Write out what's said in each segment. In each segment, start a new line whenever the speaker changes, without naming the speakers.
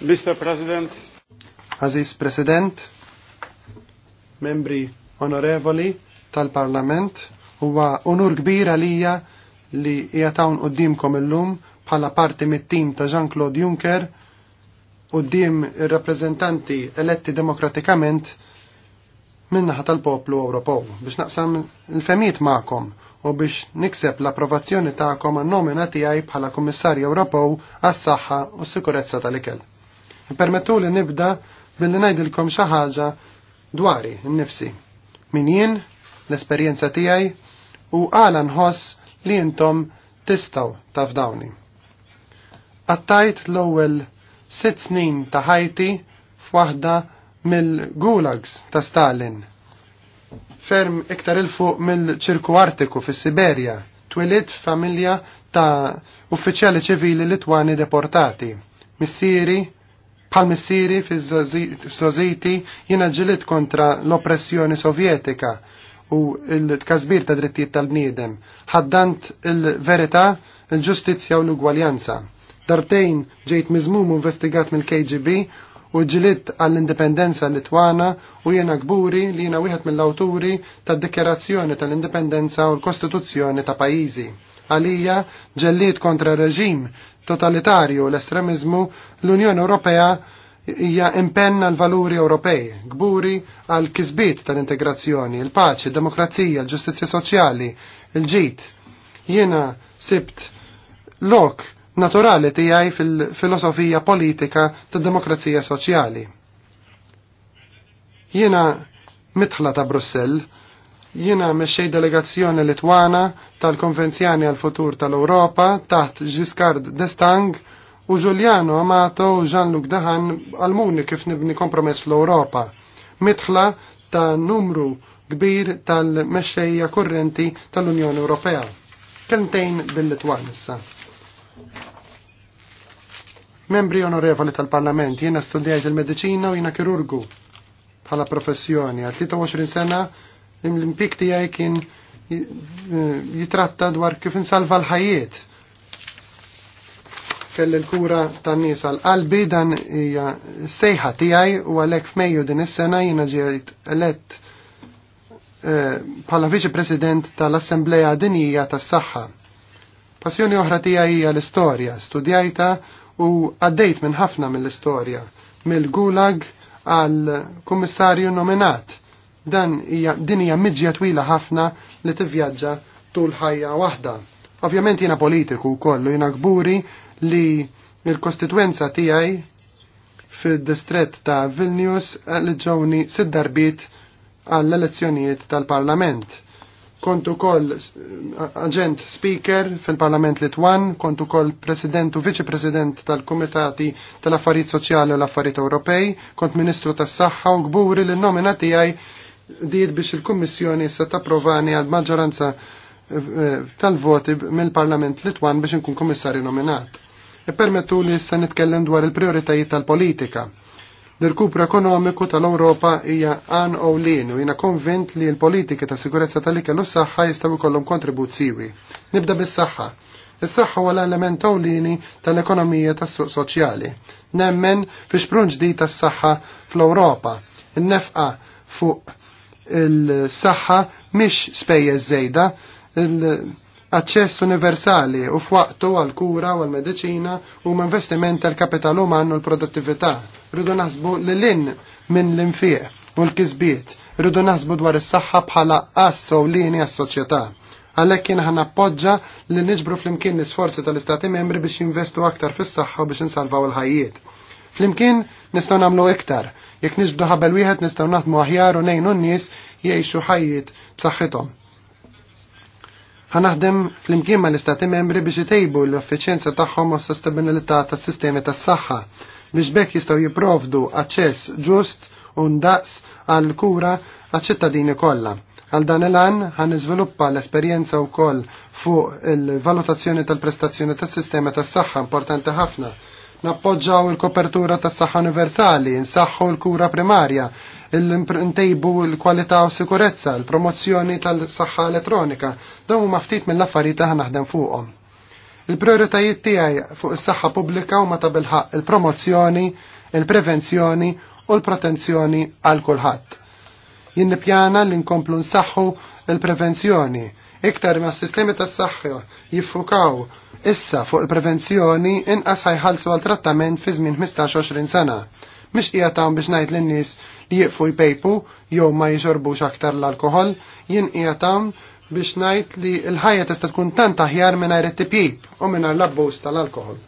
Mr. President. Aziz President, membri onorevoli tal-Parlament, huwa unur kbir għalija li jgħatawn l illum bħala parti mit-tim ta' Jean-Claude Juncker qoddim il rappreżentanti eletti demokratikament minnaħa tal-poplu Ewropew biex naqsam il-femiet ma'kom u biex nikseb l-approvazzjoni ta'kom għan nomina tiegħi bħala Kummissarju Ewropew għas-saħħa u s-sikurezza tal-ikel. Permettu li nibda billi ngħidilkom xi ħaġa dwari nnifsi. Min jien, l-esperjenza tiegħi u għala nħoss li intom tistaw taf dawni. Attajt l-ewwel sitt snin ta' ħajti f'waħda mill-gulags ta' Stalin. Ferm iktar il-fuq mill-ċirku artiku fis siberja twilit familja ta' uffiċjali ċivili Litwani deportati, missieri, Pal missieri fiż-Sożiti jiena ġilit kontra l-oppressjoni sovjetika u l-kazbir ta' drittijiet tal-bniedem, ħaddant il-verità, il-ġustizzja u l-ugwaljanza. Dartejn ġejt u investigat mill-KGB u ġilit għall-indipendenza Litwana u jena gburi li jena wieħed mill-awturi tad-Dikjerazzjoni tal-Indipendenza u l-Kostituzzjoni ta' Pajjiżi. Għalija ġellit kontra reġim totalitarju l-estremizmu, l-Unjoni Ewropea hija impenna l-valuri Ewropej, gburi għal kisbiet tal-integrazzjoni, il-paċi, demokrazija, l-ġustizzja soċjali, il-ġit. Jiena sibt lok naturali tiegħi fil-filosofija politika tad-demokrazija soċjali. Jiena mitħla ta' Brussell, Jiena mexxej delegazzjoni Litwana tal-Konvenzjani għal futur tal-Ewropa taħt Giscard d'Estang u Giuliano Amato u Jean-Luc Dahan għalmuni kif nibni kompromess fl-Ewropa. Mitħla ta' numru kbir tal-mexxejja kurrenti tal-Unjoni Ewropea. Kentejn bil-Litwan issa. Membri onorevoli tal-Parlament, jiena studjajt il-medicina u jiena kirurgu bħala professjoni. Għal 23 sena l-impik tiegħi kien eh, jitratta dwar kif insalva l-ħajiet. Kelli l-kura tan-nies għal-qalbi dan hija sejħa tiegħi u għalhekk f'Mejju din is-sena jiena ġiet elett eh, bħala viċi president tal-Assembleja Dinjija tas-Saħħa. Passjoni oħra tiegħi hija l-istorja, studjajta u għaddejt minn ħafna mill-istorja, mill-gulag għal kummissarju nominat Dan hija din hija miġja twila ħafna li tivvjaġġa tul ħajja waħda. Ovvjament jiena politiku wkoll jiena kburi li l-kostitwenza tiegħi fid-distrett ta' Vilnius li ġewni sid darbit għall-elezzjonijiet tal-Parlament. Kontu kol eh, agent speaker fil-Parlament Litwan, kontu kol president u viċi-president tal-Komitati tal-Affarijiet Soċjali u l-Affarijiet Ewropej, kont Ministru tas-Saħħa u gburi l-nomina tiegħi diet biex il-Kummissjoni se tapprovani għal maġġoranza eh, tal-voti mill-Parlament Litwan biex inkun kummissarju nominat. Ippermettu e li issa nitkellem dwar il-prioritajiet tal-politika. L-irkupru ekonomiku tal-Ewropa hija għan u lin u jiena konvint li l-politika ta' sigurezza tal-ikel u s-saħħa jistgħu jkollhom kontribut siwi. Nibda bis-saħħa. Is-saħħa huwa l-element ewlieni tal-ekonomija tas-suq soċjali. Nemmen fi xprun ġdid tas-saħħa fl-Ewropa. In-nefqa fuq il-saħħa mhix spejjeż żejda, l-aċċess universali u f'waqtu għal-kura u għal-mediċina u investiment tal-kapital uman u l-produttività. Rridu naħsbu l-lin minn l-infieq u l-kisbiet. Rridu naħsbu dwar is-saħħa bħala qass u lini għas-soċjetà għalhekk kien ħan appoġġa li niġbru flimkien l-isforzi tal-Istati membri biex jinvestu aktar fis-saħħa biex insalvaw il-ħajjiet. Flimkien nistgħu nagħmlu iktar Jekk nisbdu ħabel wieħed nistgħu naħdmu aħjar u ngħinu n-nies jgħixu ħajjiet b'saħħithom. Ħanaħdem flimkien mal-istati membri biex itejbu l-effiċjenza tagħhom u s-sostenibilità tas-sistemi tas-saħħa biex bekk jistgħu jipprovdu aċċess ġust u ndaqs għal kura għaċ-ċittadini kollha. Għal dan il-għan għan iżviluppa l-esperienza u koll fuq il-valutazzjoni tal-prestazzjoni tas sistema tas saħħa importanti ħafna nappoġġaw il-kopertura tas saħħa universali, nsaħħu l-kura primarja, ntejbu l-kwalità u sikurezza, l-promozzjoni tal-saħħa elettronika, dawn huma ftit mill-affarijiet aħna naħdem fuqhom. Il-prioritajiet tiegħi fuq is-saħħa pubblika huma ta' bilħaq il-promozzjoni, il-prevenzjoni u l protenzjoni għal kulħadd. Jien nippjana li nkomplu nsaħħu il-prevenzjoni, iktar ma' sistemi tas-saħħa jiffukaw Issa fuq il-prevenzjoni inqas ħajħalsu għal trattament fi żmien 15-20 sena. Mhix qiegħed hawn biex ngħid lin-nies li jieqfu jpejpu jew ma jiġorbux aktar l-alkoħol, jien qiegħed hawn biex ngħid li l-ħajja tista' tkun tant aħjar mingħajr it-tipjib u mingħajr l-abbuż tal-alkohol.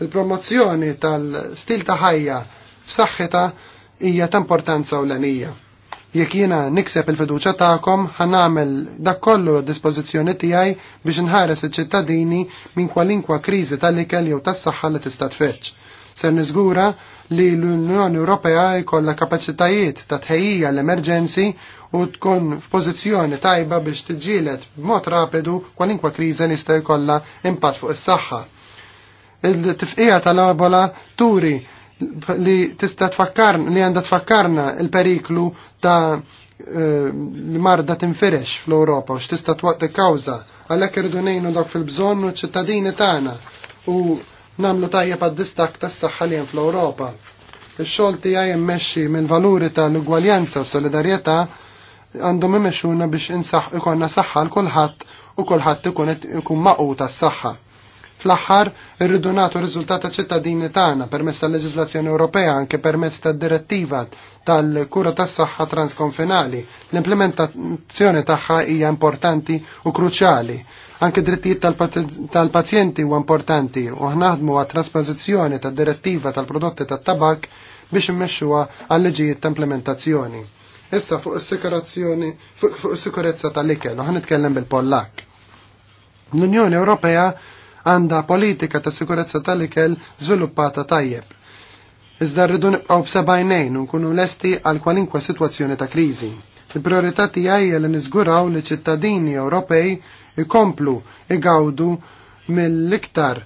Il-promozzjoni tal-stil ta' ħajja f'saħħitha hija ta' importanza ewlenija. Jekk jiena nikseb il-fiduċa tagħkom ħanamel dak kollu dispożizzjoni tiegħi biex nħares iċ-ċittadini minn kwalinkwa kriżi tal-ikel jew tas-saħħa li tista' tfetx. Ser niżgura li l-Unjoni Ewropea jkollha kapaċitajiet ta' tħejjija l-emerġenzi u tkun f'pożizzjoni tajba biex tiġġieled b'mod rapidu kwalinkwa kriża nista' jkollha impatt fuq is-saħħa. Il-tifqija tal-abola turi li tista' tfakkarna li għandha tfakkarna il-periklu ta' eh, li marda tinferex fl-Ewropa u x'tista' twaqt kawża għalhekk irridu ngħinu dak fil-bżonn u ċittadini tagħna u nagħmlu tajjeb għad-distak tas-saħħa li hemm fl-Ewropa. Ix-xogħol tiegħi mmexxi mill-valuri tal-ugwaljanza u solidarjetà għandhom imexxuna biex insaħ ikonna saħħa l kulħadd u kulħadd ikun maqu tas-saħħa. Fl-aħħar irridu nagħtu riżultat ċittadini tagħna permezz tal-leġiżlazzjoni Ewropea anke permezz tad-direttiva tal-kura tas-saħħa transkonfinali. L-implementazzjoni tagħha hija importanti u kruċjali. Anke drittijiet tal-pazjenti huwa importanti u ħnaħdmu għat trasposizzjoni tad-direttiva tal-prodotti tat-tabak biex immexxuha għal liġijiet ta' implementazzjoni. Issa fuq is-sikurazzjoni fuq is-sikurezza tal-ikel, u ħanitkellem bil-Pollak. L-Unjoni Ewropea għandha politika ta' sikurezza tal-ikel żviluppata tajjeb. Iżda rridu nibqgħu b'sebajnejn u nkunu lesti għal kwalinkwa sitwazzjoni ta' kriżi. Il-priorità tiegħi li niżguraw li ċittadini Ewropej ikomplu igawdu mill-iktar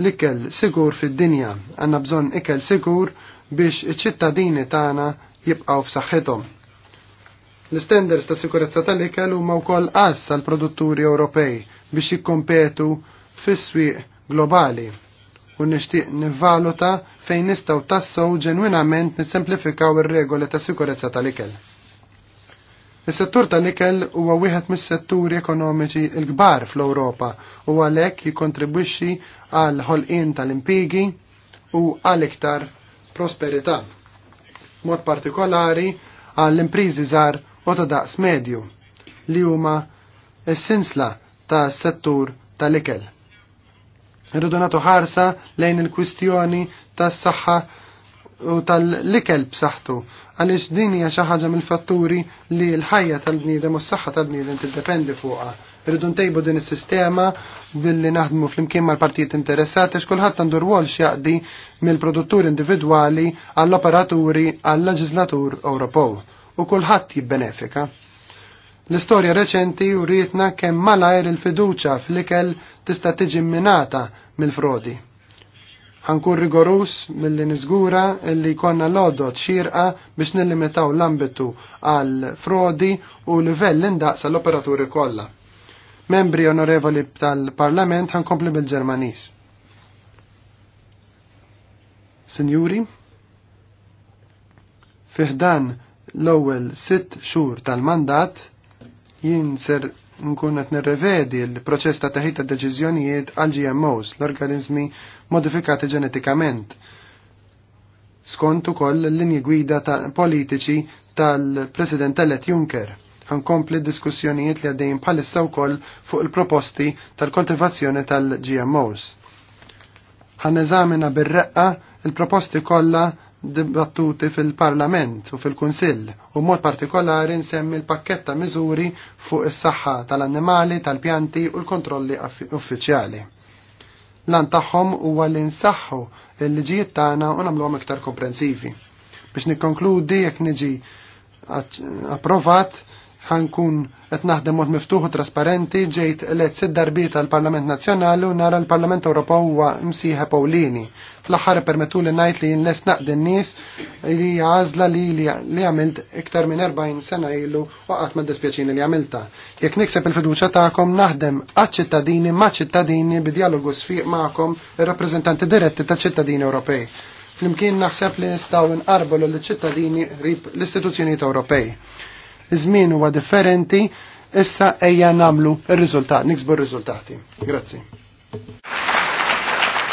l-ikel sigur fid-dinja. Għandna bżonn ikel sigur biex iċ-ċittadini tagħna jibqgħu f'saħħithom. L-standards ta' sikurezza tal-ikel huma wkoll qass għall produtturi Ewropej biex jikkompetu fis-swieq globali u nixtieq nivvaluta fejn nistgħu tassew ġenwinament nissemplifikaw ir-regoli ta' sikurezza tal-ikel. Is-settur tal-ikel huwa wieħed mis-setturi ekonomiċi l-kbar fl-Ewropa u għalhekk jikkontribwixxi għal ħolqien tal-impigi u għal iktar prosperità. Mod partikolari għall impriżi żgħar u ta' daqs medju li huma s-sinsla tas settur tal-ikel. Irridu nagħtu ħarsa lejn il-kwistjoni tas-saħħa u tal-likel b'saħħtu għaliex din hija xi ħaġa mill-fatturi li l-ħajja tal-bniedem u s-saħħa tal-bniedem tiddependi fuqha. Irridu ntejbu din is-sistema billi naħdmu flimkien mal-partijiet interessati x'kulħadd għandu rwol x'jaqdi mill-produttur individwali għall-operaturi għall-leġislatur Ewropew u kulħadd jibbenefika. L-istorja reċenti u rietna kemm malajr il-fiduċa fl-ikel tista' tiġi minata mill-frodi. Ħankun rigorus mill-li nizgura li konna lodot xirqa biex nillimitaw l-ambitu għal frodi u livell indaqsa l-operaturi kollha. Membri onorevoli tal-Parlament ħankompli bil-Ġermanis. Sinjuri, fiħdan l-ewwel sitt xhur tal-mandat jien ser nkun qed nirrevedi l-proċess ta' taħid ta' deċiżjonijiet għal GMOs, l-organizmi modifikati ġenetikament. Skont ukoll l-linji gwida ta' politiċi tal-President Elet Juncker. Ħankompli diskussjonijiet li għaddejn bħalissa wkoll fuq il-proposti tal-koltivazzjoni tal-GMOs. Ħan eżamina bir-reqqa il-proposti kollha dibattuti fil-Parlament u fil-Kunsill u mod partikolari nsemmi l-pakketta miżuri fuq is-saħħa tal-annimali, tal-pjanti u l-kontrolli uffiċjali. Lan tagħhom huwa li nsaħħu l-liġijiet tagħna u nagħmluhom iktar komprensivi. Biex nikkonkludi jekk niġi approvat ħankun qed naħdem mod miftuħ u trasparenti ġejt elett sitt darbiet għall-Parlament Nazzjonali u nara l-Parlament Ewropew huwa msieħeb Pawlini. Fl-aħħar permettu li ngħid li nles naqdin nies li għażla li li għamilt iktar minn 40 sena ilu u ma dispjaċini li għamilta. Jekk nikseb il-fiduċja tagħkom naħdem għaċ-ċittadini ma' ċittadini bidjalogu sfiq magħkom ir-rappreżentanti diretti taċ-ċittadini Ewropej. Flimkien naħseb li nistgħu nqarbu lill-ċittadini rib l-istituzzjonijiet Ewropej iż-żmien huwa differenti, issa ejja namlu r riżultat niksbu r-riżultati. Grazzi.